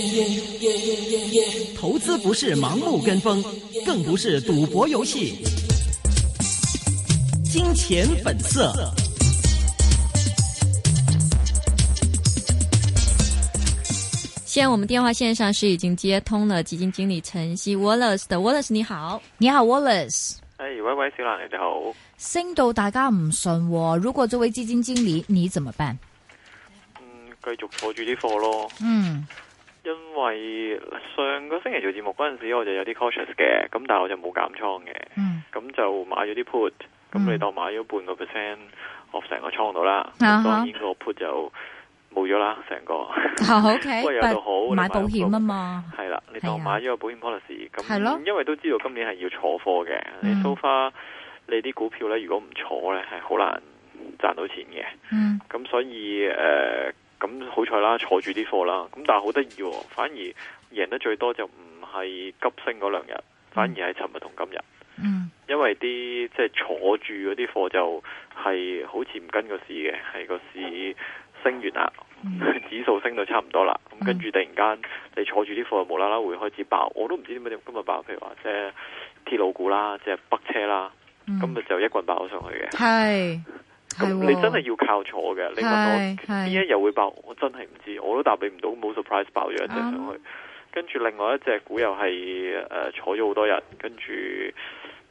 Yeah, yeah, yeah, yeah. 投資不是盲目跟風，更不是賭博遊戲。金錢本色。現在我們電話線上是已經接通了基金經理陳昕 Wallace 的 Wallace，你好，你好 Wallace。哎，喂喂，小蘭，你好。升到大家唔順，如果作為基金經理，你怎麼辦？嗯，繼續坐住啲貨咯。嗯。因為上個星期做節目嗰陣時，我就有啲 cautious 嘅，咁但係我就冇減倉嘅，咁就買咗啲 put，咁你當買咗半個 percent 我成個倉度啦，當然個 put 就冇咗啦，成個。O K，不過又好買保險啊嘛，係啦，你當買咗個保險 policy，咁因為都知道今年係要坐貨嘅，你 so far 你啲股票咧，如果唔坐咧係好難賺到錢嘅，咁所以誒。咁好彩啦，坐住啲貨啦。咁但係好得意喎，反而贏得最多就唔係急升嗰兩日，嗯、反而係尋日同今日。嗯，因為啲即係坐住嗰啲貨就係好似唔跟個市嘅，係個市升完啦，嗯、指數升到差唔多啦。咁、嗯、跟住突然間你坐住啲貨，就無啦啦會開始爆，我都唔知點解今日爆。譬如話即係鐵路股啦，即係北車啦，今日、嗯、就一棍爆咗上去嘅。係、嗯。咁你真係要靠坐嘅，你問我邊一日會爆？我真係唔知，我都答你唔到，冇 surprise 爆咗一隻上去，跟住、啊、另外一隻股又係誒、呃、坐咗好多日，跟住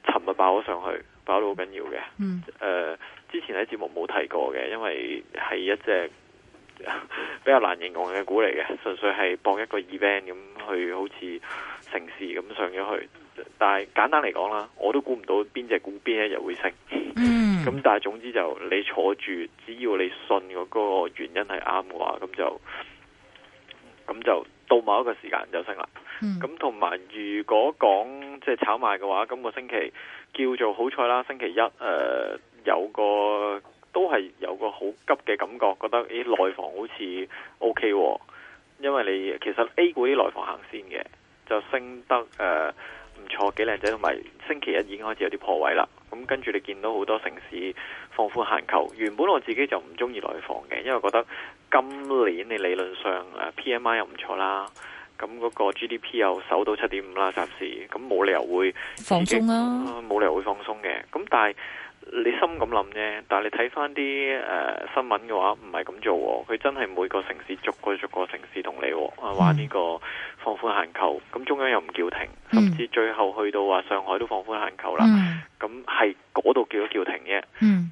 尋日爆咗上去，爆得好緊要嘅。嗯，誒、呃，之前喺節目冇提過嘅，因為係一隻比較難形容嘅股嚟嘅，純粹係搏一個 event 咁去，好似城市咁上咗去，但係簡單嚟講啦，我都估唔到邊隻股邊一日會升。嗯咁、嗯、但係總之就你坐住，只要你信嗰個原因係啱嘅話，咁就咁就到某一個時間就升啦。咁同埋如果講即係炒賣嘅話，今個星期叫做好彩啦，星期一誒、呃、有個都係有個好急嘅感覺，覺得咦、欸、內房好似 O K 喎，因為你其實 A 股啲內房行先嘅，就升得誒。呃錯幾靚仔，同埋星期一已經開始有啲破位啦。咁跟住你見到好多城市放寬限購，原本我自己就唔中意內房嘅，因為覺得今年你理論上、啊、P M I 又唔錯啦，咁嗰個 G D P 又守到七點五啦，暫時咁冇理、嗯、理由會放鬆啊，冇理由會放鬆嘅。咁但係你心咁諗啫，但係你睇翻啲誒新聞嘅話，唔係咁做，佢真係每個城市逐個逐個，逐個城市同你玩呢、這個。嗯。放寬限購，咁中央又唔叫停，嗯、甚至最後去到話上海都放寬限購啦。咁係嗰度叫咗叫停啫。嗯、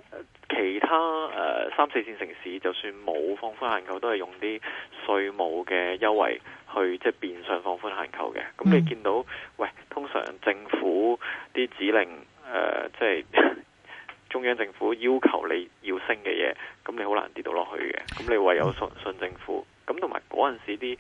其他誒、呃、三四線城市就算冇放寬限購，都係用啲稅務嘅優惠去即係、就是、變相放寬限購嘅。咁你見到，嗯、喂，通常政府啲指令誒，即、呃、係、就是、 中央政府要求你要升嘅嘢，咁你好難跌到落去嘅。咁你唯有信信政府，咁同埋嗰陣時啲。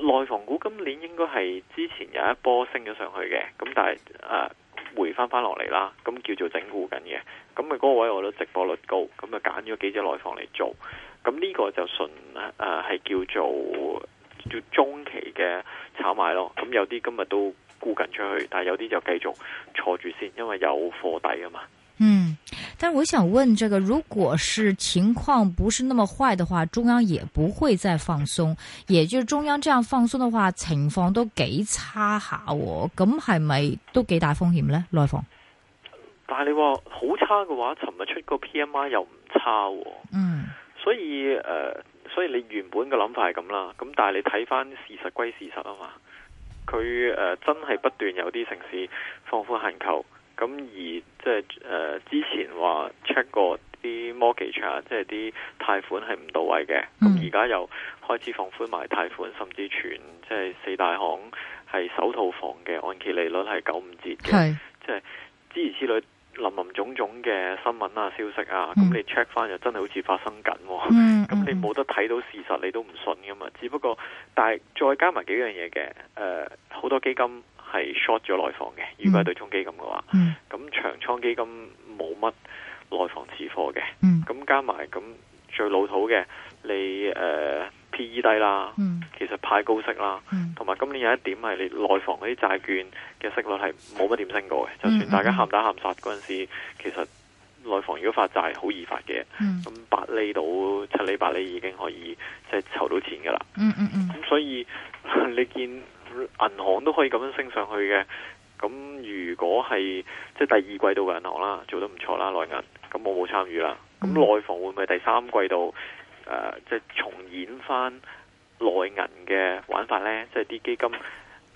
內、呃、房股今年應該係之前有一波升咗上去嘅，咁但係誒、呃、回翻翻落嚟啦，咁叫做整固緊嘅。咁啊嗰個位我覺得值博率高，咁啊揀咗幾隻內房嚟做。咁呢個就純誒係、呃、叫做叫做中期嘅炒賣咯。咁有啲今日都沽緊出去，但係有啲就繼續坐住先，因為有貨底啊嘛。嗯，但係我想問，這個如果是情況不是那麼壞的話，中央也不會再放鬆。也就是中央這樣放鬆的話，情況都幾差下、啊，咁係咪都幾大風險咧？內房。但係你話好差嘅話，尋日出個 PMI 又唔差，嗯，啊、嗯所以誒、呃，所以你原本嘅諗法係咁啦，咁但係你睇翻事實歸事實啊嘛，佢誒、呃、真係不斷有啲城市放寬限購。咁而即係誒，之前話 check 過啲 mortgage，啊，即係啲貸款係唔到位嘅。咁而家又開始放寬埋貸款，甚至全即係四大行係首套房嘅按揭利率係九五折嘅。是即係之如此類林林總總嘅新聞啊、消息啊，咁、嗯嗯、你 check 翻，又真係好似發生緊。咁你冇得睇到事實，你都唔信噶嘛？只不過，但係再加埋幾樣嘢嘅，誒、呃，好多基金。係 short 咗內房嘅，如果係對沖基金嘅話，咁、嗯、長倉基金冇乜內房持貨嘅，咁、嗯、加埋咁最老土嘅，你誒、uh, PE 低啦，嗯、其實派高息啦，同埋、嗯、今年有一點係你內房嗰啲債券嘅息率係冇乜點升過嘅，就算大家喊打喊殺嗰陣時，其實內房如果發債好易發嘅，咁、嗯、八厘到七厘八厘已經可以即係籌到錢㗎喇，咁、嗯嗯嗯嗯、所以 你見。銀行都可以咁樣升上去嘅，咁如果係即係第二季度嘅銀行啦，做得唔錯啦，內銀，咁我冇參與啦。咁內房會唔會第三季度誒即係重演翻內銀嘅玩法呢？即係啲基金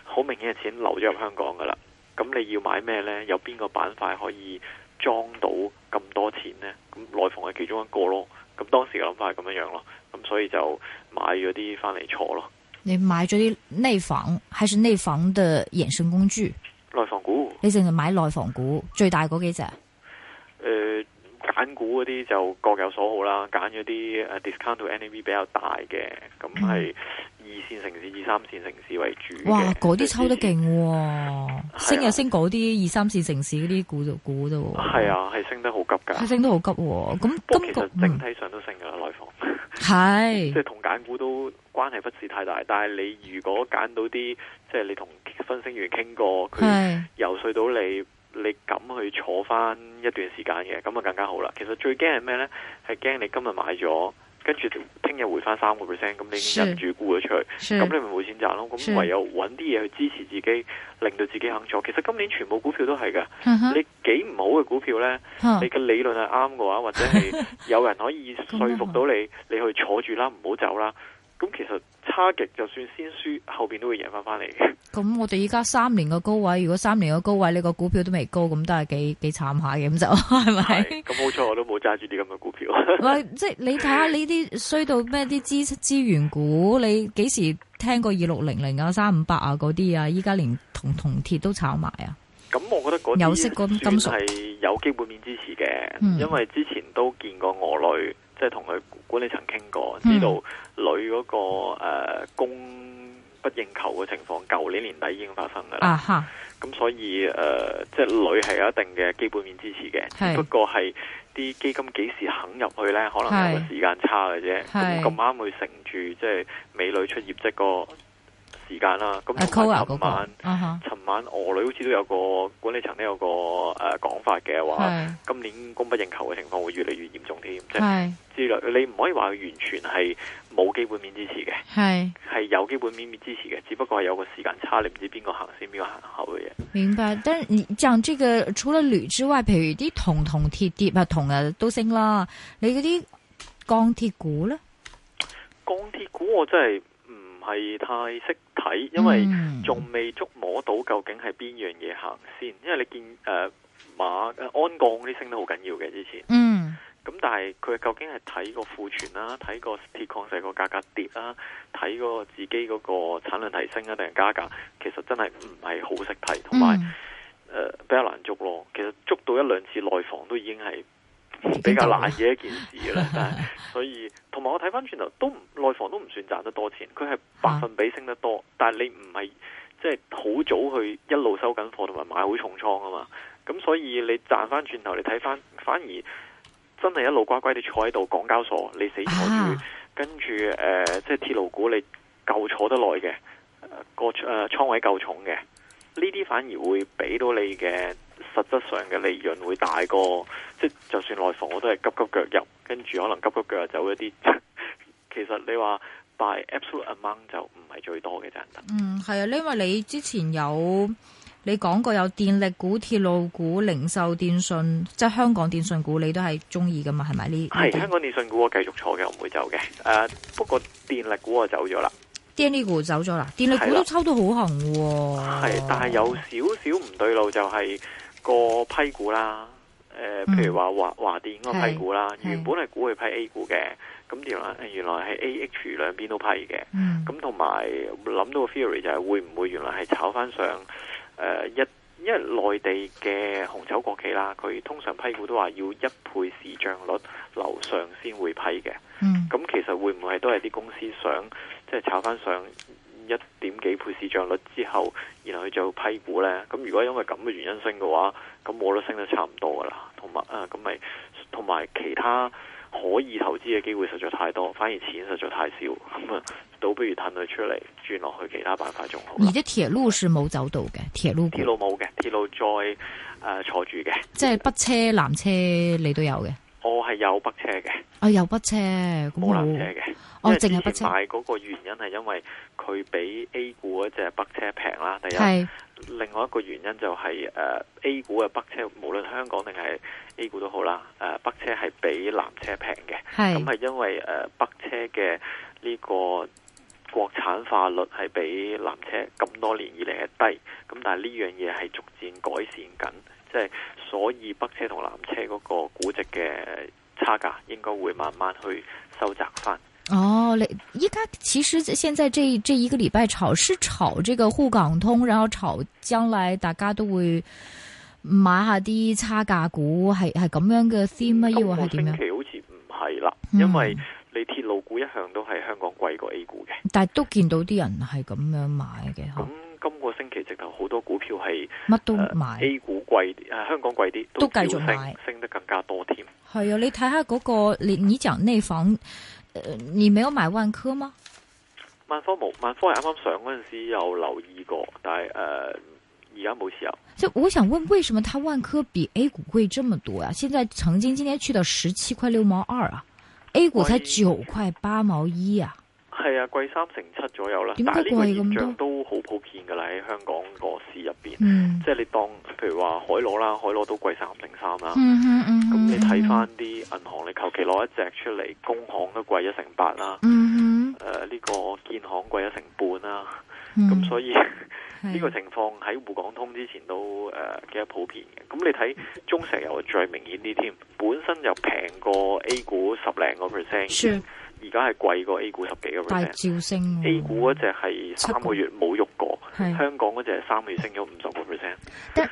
好明顯嘅錢流咗入香港噶啦，咁你要買咩呢？有邊個板塊可以裝到咁多錢呢？咁內房係其中一個咯，咁當時嘅諗法係咁樣樣咯，咁所以就買咗啲翻嚟坐咯。你買咗啲內房，還算內房嘅衍生工具？內房股。你淨係買內房股，最大嗰幾隻？誒、呃，揀股嗰啲就各有所好啦，揀咗啲 discount to NAV 比較大嘅，咁係二線城市、二三線城市為主，嗯。哇，嗰啲抽得勁，哦，的升又升嗰啲的二三線城市嗰啲股就股啫喎。係啊，係升得好急噶，係升得好急。咁，不過其實整體上都升噶啦。嗯係，是即係同揀股都關係不是太大，但係你如果揀到啲，即係你同分析員傾過，佢游說到你，你敢去坐翻一段時間嘅，咁啊更加好啦。其實最驚係咩呢？係驚你今日買咗。跟住聽日回翻三個 percent，咁你已忍住沽咗出去，咁你咪冇錢賺咯。咁唯有揾啲嘢去支持自己，令到自己肯坐。其實今年全部股票都係嘅，嗯、哼你幾唔好嘅股票呢？嗯、你嘅理論係啱嘅話，或者係有人可以說服到你， 你去坐住啦，唔好走啦。咁其實差極，就算先輸，後邊都會贏翻翻嚟。咁我哋依家三年嘅高位，如果三年嘅高位，你個股票都未高，咁都係幾幾慘下嘅，咁就係咪？咁好彩，我都冇揸住啲咁嘅股票。唔 係，即係你睇下呢啲衰到咩？啲資資源股， 你幾時聽過二六零零啊、三五八啊嗰啲啊？依家連同銅鐵都炒埋啊！咁我覺得嗰有色金金屬係有基本面支持嘅，嗯、因為之前都見過我累。即係同佢管理層傾過，知道女嗰、那個誒、呃、供不應求嘅情況，舊年年底已經發生噶啦。咁、啊、哈所以誒、呃，即係女係有一定嘅基本面支持嘅，是不過係啲基金幾時肯入去呢？可能有個時間差嘅啫。咁咁啱會乘住，即、就、係、是、美女出業績、就是、個。時間啦、啊，咁 Coa 嗰尋晚俄鋁好似都有個管理層都有個誒講、呃、法嘅話，是今年供不應求嘅情況會越嚟越嚴重添。係是，之內你唔可以話完全係冇基本面支持嘅。係，係有基本面支持嘅是，只不過係有個時間差，你唔知邊個行先邊個行後嘅嘢。明白。但係你講這個，除咗鋁之外，譬如啲銅同鐵碟啊，銅啊都升啦。你嗰啲鋼鐵股咧？鋼鐵股我真係唔係太識。因為仲未捉摸到究竟係邊樣嘢行先，因為你見誒、呃、馬誒鞍鋼啲升得好緊要嘅之前，嗯，咁但係佢究竟係睇個庫存啦，睇個鐵礦石個價格跌啦、啊，睇個自己嗰個產量提升啊定係加價，其實真係唔係好識睇，同埋誒比較難捉咯。其實捉到一兩次內房都已經係。比較難嘅一件事啦， 所以同埋我睇翻轉頭都內房都唔算賺得多錢，佢係百分比升得多，啊、但係你唔係即係好早去一路收緊貨，同埋買好重倉啊嘛，咁所以你賺翻轉頭你睇翻反而真係一路乖乖地坐喺度港交所，你死坐住，啊、跟住誒即係鐵路股你夠坐得耐嘅、呃，個誒倉、呃、位夠重嘅，呢啲反而會俾到你嘅。實質上嘅利潤會大過，即係就算內房我都係急急腳入，跟住可能急急腳又走一啲。 其實你話，by absolute amount 就唔係最多嘅，真唔？嗯，係啊，因為你之前有你講過有電力股、鐵路股、零售、電信，即係香港電信股，你都係中意噶嘛？係咪呢？係香港電信股我繼續坐嘅，我唔會走嘅。誒、uh,，不過電力股我走咗啦，D N D 股走咗啦，電力股都抽到好紅嘅。係，但係有少少唔對路就係、是。個批股啦，誒、呃，譬、嗯、如話華華電個批股啦，是原本係估佢批 A 股嘅，咁點啊？原來係 A H 兩邊都批嘅，咁同埋諗到個 theory 就係會唔會原來係炒翻上誒、呃、一,一，因為內地嘅紅籌國企啦，佢通常批股都話要一倍市賬率樓上先會批嘅，咁、嗯、其實會唔會都係啲公司想即係炒翻上？一點幾倍市漲率之後，然後去做批股呢。咁如果因為咁嘅原因升嘅話，咁我都升得差唔多噶啦。同埋啊，咁咪同埋其他可以投資嘅機會實在太多，反而錢實在太少，咁啊，倒不如褪佢出嚟，轉落去其他板塊仲好。而且鐵路是冇走到嘅，鐵路鐵路冇嘅，鐵路再、呃、坐住嘅，即係北車南車你都有嘅，我係有北車嘅，啊有北車，冇南車嘅。我淨係買嗰個原因係因為佢比 A 股嗰隻北車平啦，第一，是另外一個原因就係、是、誒、uh, A 股嘅北車，無論香港定係 A 股都好啦，誒、uh, 北車係比南車平嘅。咁係是因為誒、uh, 北車嘅呢個國產化率係比南車咁多年以嚟係低，咁但係呢樣嘢係逐漸改善緊，即、就、係、是、所以北車同南車嗰個估值嘅差價應該會慢慢去收窄翻。哦，你依家其實現在這這一個禮拜炒是炒這個滬港通，然後炒將來大家都會買下啲差價股，係係咁樣嘅 theme 啊？抑或係點樣？今個星期好似唔係啦，嗯、因為你鐵路股一向都係香港貴過 A 股嘅，嗯，但係都見到啲人係咁樣買嘅。咁今個星期直頭好多股票係乜都買，uh, A 股貴，啲，啊，香港貴啲都繼續都升，升得更加多添。係啊，你睇下嗰個你以前呢房。呃，你沒有買萬科嗎？萬科冇，萬科係啱啱上嗰陣時有留意過，但係呃，而家冇持有。就我想問，為什麼它萬科比 A 股貴這麼多呀、啊？現在曾經今天去到十七塊六毛二啊，A 股才九塊八毛一啊。係啊，貴三成七左右啦。但係呢個現象都好普遍噶啦，喺香港個市入邊。嗯、即係你當，譬如話海螺啦，海螺都貴三成三啦。咁、嗯、哼你睇翻啲銀行，你求其攞一隻出嚟，工行都貴一成八啦。誒、嗯哼，呢、呃這個建行貴一成半啦。咁、嗯嗯、所以呢是的 個情況喺滬港通之前都誒幾、呃、普遍嘅。咁你睇中石油最明顯啲添，本身就平過 A 股十零個 percent。而家係貴過 A 股十幾個 percent，但照升、啊。A 股嗰隻係三個月冇喐過，個香港嗰隻係三個月升咗五十個 percent。 但，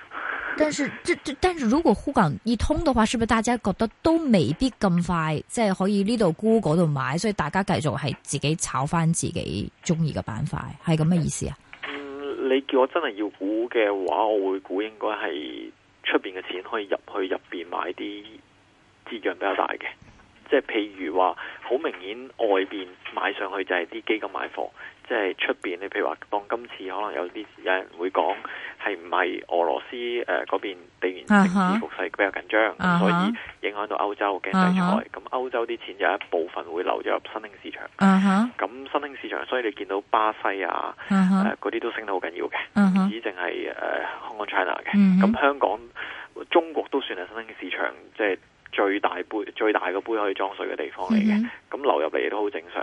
但是，這 但，但是如果滬港一通嘅話，是不是大家覺得都未必咁快，即、就、係、是、可以呢度沽嗰度買，所以大家繼續係自己炒翻自己中意嘅板塊，係咁嘅意思啊？嗯，你叫我真係要估嘅話，我會估應該係出邊嘅錢可以入去入邊買啲資金比較大嘅。即係譬如話，好明顯外邊買上去就係啲基金買貨，即係出邊你譬如話，當今次可能有啲有人會講係唔係俄羅斯誒嗰邊地緣政治局勢比較緊張，uh huh. 所以影響到歐洲嘅制裁，咁、uh huh. 歐洲啲錢有一部分會流入新興市場，咁、uh huh. 新興市場，所以你見到巴西啊，嗰啲、uh huh. 呃、都升得好緊要嘅，唔止淨係誒 Hong Kong China 嘅，咁、uh huh. 香港、中國都算係新興市場，即係。最大杯，最大個杯可以裝水嘅地方嚟嘅，咁、mm hmm. 流入嚟都好正常。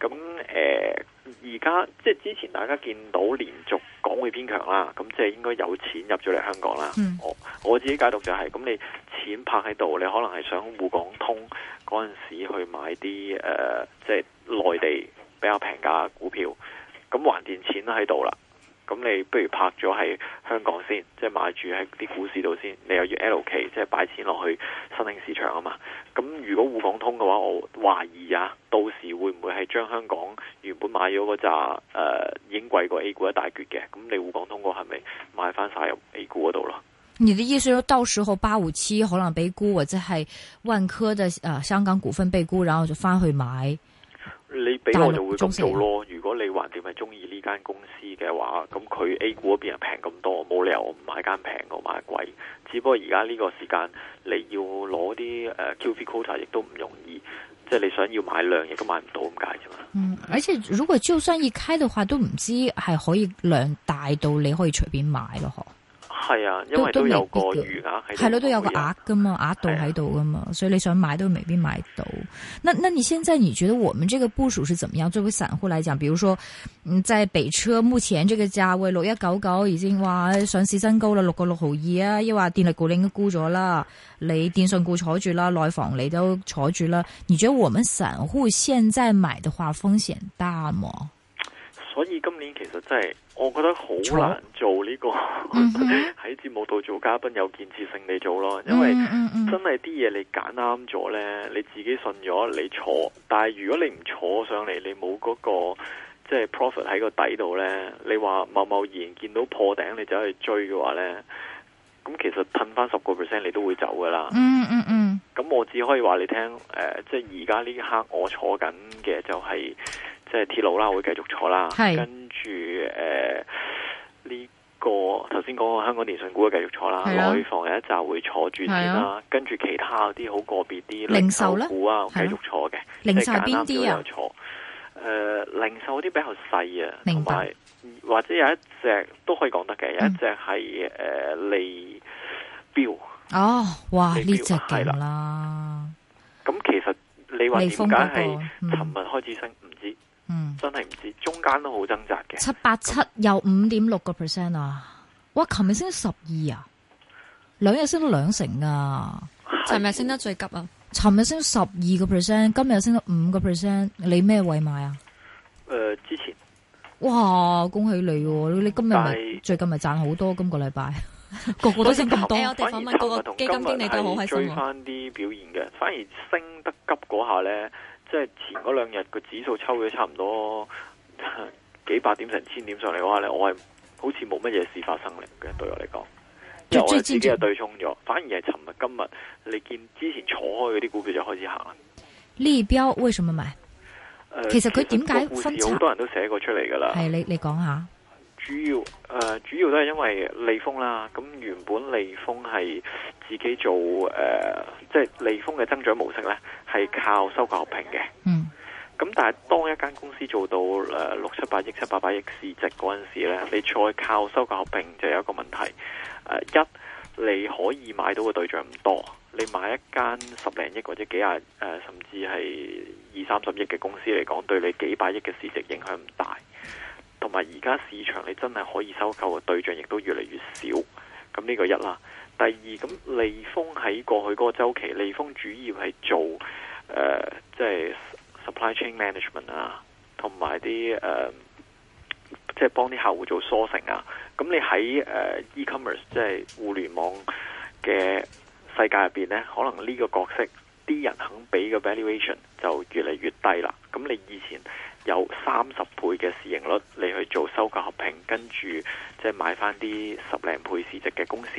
咁誒，而、呃、家即係之前大家見到連續港匯偏強啦，咁即係應該有錢入咗嚟香港啦。Mm hmm. 我我自己解讀就係、是、咁，你錢泊喺度，你可能係想滬港通嗰陣時去買啲誒、呃，即係內地比較平價嘅股票，咁還掂錢都喺度啦。咁你不如拍咗喺香港先，即係買住喺啲股市度先。你又要 allocate 即係擺錢落去新興市場啊嘛。咁如果滬港通嘅話，我懷疑啊，到時會唔會係將香港原本買咗嗰扎誒已經貴過 A 股一大橛嘅，咁你滬港通過係咪買翻晒入 A 股嗰度咯？你的意思，到時候八五七可能被沽，或者係萬科嘅啊、呃、香港股份被沽，然後就翻去買？你畀我就會咁做咯。如果你還掂係中意呢間公司嘅話，咁佢 A 股嗰邊又平咁多，冇理由我唔買間平，我買貴。只不過而家呢個時間，你要攞啲誒 QFII quota 亦都唔容易，即係你想要買量亦都買唔到咁解啫嘛。嗯，而且如果就算一開嘅話，都唔知係可以量大到你可以隨便買咯。係啊，因為都有個餘額喺度，係咯，都有個額噶嘛，額度喺度噶嘛，的所以你想買都未必買到。那那你現在你覺得我們這個部署是怎麼樣？作為散戶來講，比如說嗯，在北車目前這個價位六一九九，已經話上市新高了，六個六毫二啊，又話電力股已經估咗啦，你電信股坐住啦，內房你都坐住啦，你覺得我們散戶現在買的話風險大嗎？所以今年其實真係，我覺得好難做呢、這個喺節、mm hmm. 目度做嘉賓有建設性地做咯，因為真係啲嘢你揀啱咗呢，你自己信咗你坐，但係如果你唔坐上嚟，你冇嗰、那個即係、就是、profit 喺個底度呢，你話貿貿然見到破頂你就去追嘅話呢，咁其實褪翻十個 percent 你都會走噶啦。嗯咁、mm hmm. 我只可以話你聽、呃，即係而家呢一刻我坐緊嘅就係、是。即係鐵路啦，我會繼續坐啦。係，跟住誒，呢個頭先講個香港電信股會繼續坐啦。內房有一隻會坐住先啦。跟住其他啲好個別啲零售股啊，繼續坐嘅。零售邊啲啊？誒，零售啲比較細啊，同埋或者有一隻都可以講得嘅。有一隻係誒利標哦，哇，呢隻係啦。咁其實你話點解係琴日開始升？唔知。嗯，真係唔知，中間都好掙扎嘅。七八七又五點六個 percent 啊！哇，琴日升咗十二啊，兩日升咗兩成啊！琴日升得最急啊？琴日升十二個 percent，今日又升咗五個 percent。你咩位買啊？誒、呃，之前哇，恭喜你、啊！你今日咪但最近咪賺好多？今個禮拜 個個都升咁多。哎、我哋訪問嗰個基金經理都好開心、啊。追翻啲表現嘅，反而升得急嗰下咧。即係前嗰兩日個指數抽咗差唔多幾百點成千點上嚟嘅話咧，我係好似冇乜嘢事發生嚟嘅，對我嚟講，因為我自己係對沖咗，反而係尋日今日你見之前坐開嗰啲股票就開始行啦。立標為什麼買？呃、其實佢點解分拆？好多人都寫過出嚟噶啦。係你你講下。主要誒、呃、主要都係因為利豐啦，咁、嗯、原本利豐係自己做誒、呃，即係利豐嘅增長模式呢係靠收購合併嘅。嗯，咁但係當一間公司做到誒、呃、六七百億、七八百億市值嗰陣時呢，你再靠收購合併就有一個問題、呃、一你可以買到嘅對象唔多，你買一間十零億或者幾十誒、呃，甚至係二三十億嘅公司嚟講，對你幾百億嘅市值影響唔大。同埋而家市場你真係可以收購嘅對象，亦都越嚟越少。咁呢個一啦。第二咁，利豐喺過去嗰個週期，利豐主要係做誒，即、呃、係、就是、supply chain management 啊，同埋啲誒，即、呃、係、就是、幫啲客戶做 sourcing 啊。咁你喺誒、呃、e-commerce，即係互聯網嘅世界入邊呢，可能呢個角色啲人肯俾嘅 valuation 就越嚟越低啦。咁你以前，有三十倍嘅市盈率，你去做收購合併，跟住即係買翻啲十零倍市值嘅公司，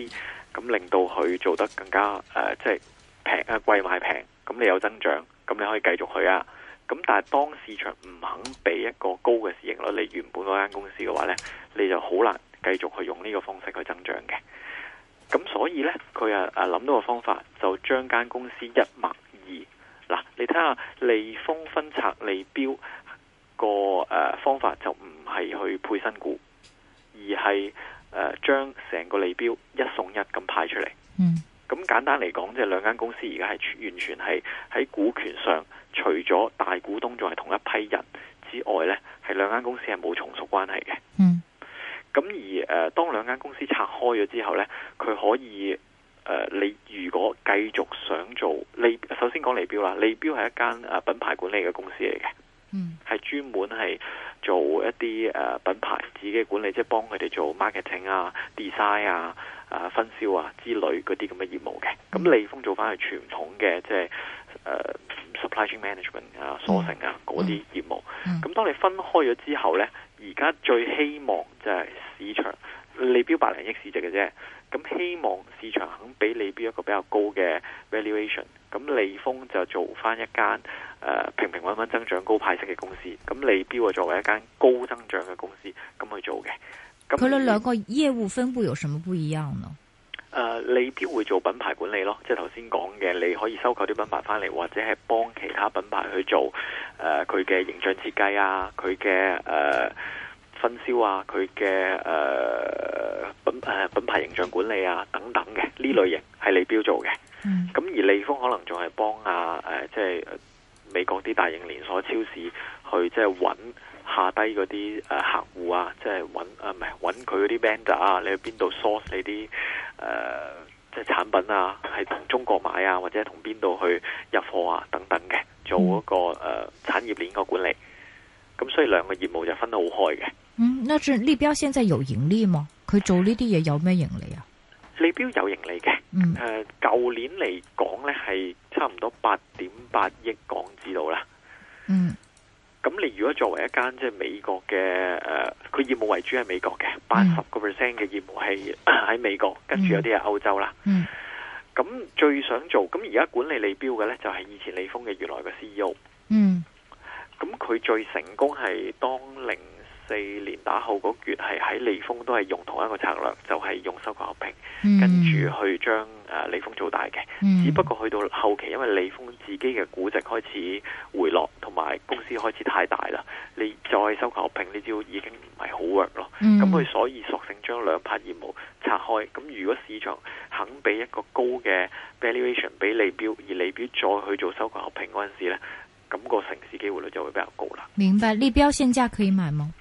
咁令到佢做得更加誒，即係平啊，貴，即係，買平咁，你有增長，咁你可以繼續去啊。咁但係當市場唔肯俾一個高嘅市盈率，你原本嗰間公司嘅話呢，你就好難繼續去用呢個方式去增長嘅。咁所以呢，佢啊啊諗到個方法，就將間公司一買二嗱，你睇下利豐分拆利標。個誒、啊、方法就唔係去配新股，而係誒將成個利標一送一咁派出嚟。嗯，咁簡單嚟講，即係兩間公司而家係完全係喺股權上，除咗大股東仲係同一批人之外呢，係兩間公司係冇從屬關係嘅。嗯，咁而誒、啊，當兩間公司拆開咗之後呢，佢可以誒、啊，你如果繼續想做利，首先講利標啦，利標係一間誒品牌管理嘅公司嚟嘅。嗯，係專門係做一啲誒、呃、品牌自己管理，即係幫佢哋做 marketing 啊、design 啊、誒、呃、分銷啊之類嗰啲咁嘅業務嘅。咁、嗯、利豐做翻係傳統嘅，即係誒、呃、supply management 啊、啊 sourcing 啊嗰啲業務。咁、嗯嗯、當你分開咗之後咧，而家最希望就係市場，你標百零億市值嘅啫。咁希望市場肯俾利標一個比較高嘅 valuation，咁利豐就做翻一間誒、呃、平平穩穩增長高派息嘅公司，咁利標啊作為一間高增長嘅公司咁去做嘅。咁佢哋兩個業務分佈有什麼不一樣呢？誒、呃，利標會做品牌管理咯，即係頭先講嘅，你可以收購啲品牌翻嚟，或者係幫其他品牌去做誒佢嘅形象設計啊，佢嘅誒。呃分銷啊，佢嘅誒品誒、呃、品牌形象管理啊，等等嘅呢類型係李彪做嘅。咁、嗯、而利豐可能仲係幫啊誒、呃，即係美國啲大型連鎖超市去即係揾下低嗰啲誒客戶啊，即係揾唔係揾佢嗰啲 vendor 啊，你去邊度 source 你啲誒、呃、即係產品啊，係同中國買啊，或者同邊度去入貨啊，等等嘅，做嗰個誒、嗯呃、產業鏈個管理。咁所以兩個業務就分得好開嘅。嗯，那即係利標現在有盈利嗎？佢做呢啲嘢有咩盈利啊？利標有盈利嘅。嗯，誒、呃，舊年嚟講咧係差唔多八點八億港紙度啦。嗯。咁你如果作為一間即係美國嘅誒，佢、呃、業務為主係美國嘅，八十個 percent 嘅業務係喺美國，跟住、嗯、有啲係歐洲啦、嗯。嗯。咁最想做咁而家管理利標嘅咧，就係、是、以前利豐嘅原來嘅 CEO。嗯。咁佢最成功係當零四年打後嗰月，係喺利豐都係用同一個策略，就係、是、用收購合併，mm. 跟住去將誒、呃、利豐做大嘅。Mm. 只不過去到後期，因為利豐自己嘅估值開始回落，同埋公司開始太大啦，你再收購合併，你知已經唔係好 work 咯。咁佢、mm. 所以索性將兩拍業務拆開。咁如果市場肯俾一個高嘅 valuation 俾利標，而利標再去做收購合併嗰陣時咧？咁個城市機會率就會比較高啦。明白，利標現價可以買嗎？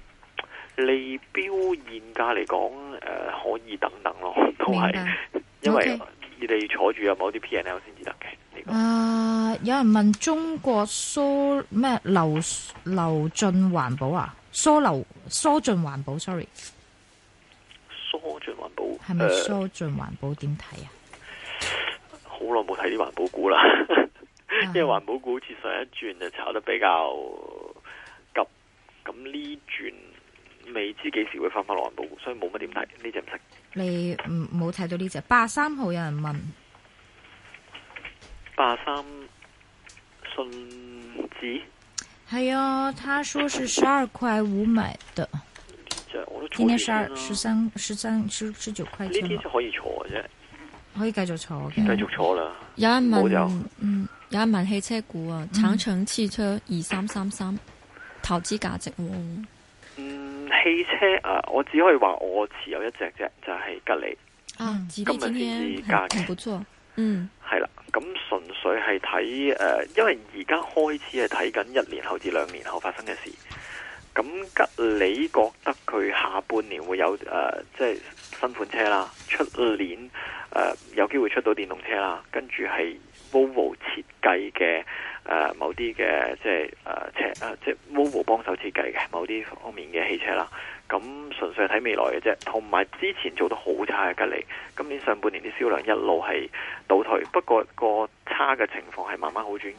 利標現價嚟講，誒、呃，可以等等咯，都係，明白。因為 Okay.、呃、你哋坐住有冇啲 P n L 先至得嘅。呢個、啊、呃，有人問中國疏咩？劉劉進環保啊？疏流疏進環保？Sorry，疏進環保係咪疏進環保？點睇、呃、啊？好耐冇睇啲環保股啦。因為環保股好似上一轉就炒得比較急，咁呢轉未知幾時會翻翻落環保股，所以冇乜點睇呢隻，唔識。你唔冇睇到呢隻八十三號，有人問八十三信紙。係啊，他說是十二塊五買的，我今日十二十三十三十十九塊錢。可以錯啫。可以繼續坐嘅，繼、嗯、續坐啦。有一問，有嗯,有一問汽車股啊，長城、嗯、汽車二三三三，投資價值。嗯，嗯，汽車啊，我只可以話我持有一隻啫，就係吉利。啊，今日啲價格、嗯、不錯。嗯，係啦，咁純粹係睇誒，因為而家開始係睇緊一年後至兩年後發生嘅事。咁，吉利，你覺得佢下半年會有誒、呃，即係？新款車啦，出年誒、呃、有機會出到電動車啦，跟住係 Volvo 設計嘅誒某啲嘅、呃呃、即係誒車誒即係 Volvo 幫手設計嘅某啲方面嘅汽車啦。咁純粹睇未來嘅啫。同埋之前做得好差嘅吉利今年上半年啲銷量一路係倒退，不過個差嘅情況係慢慢好轉。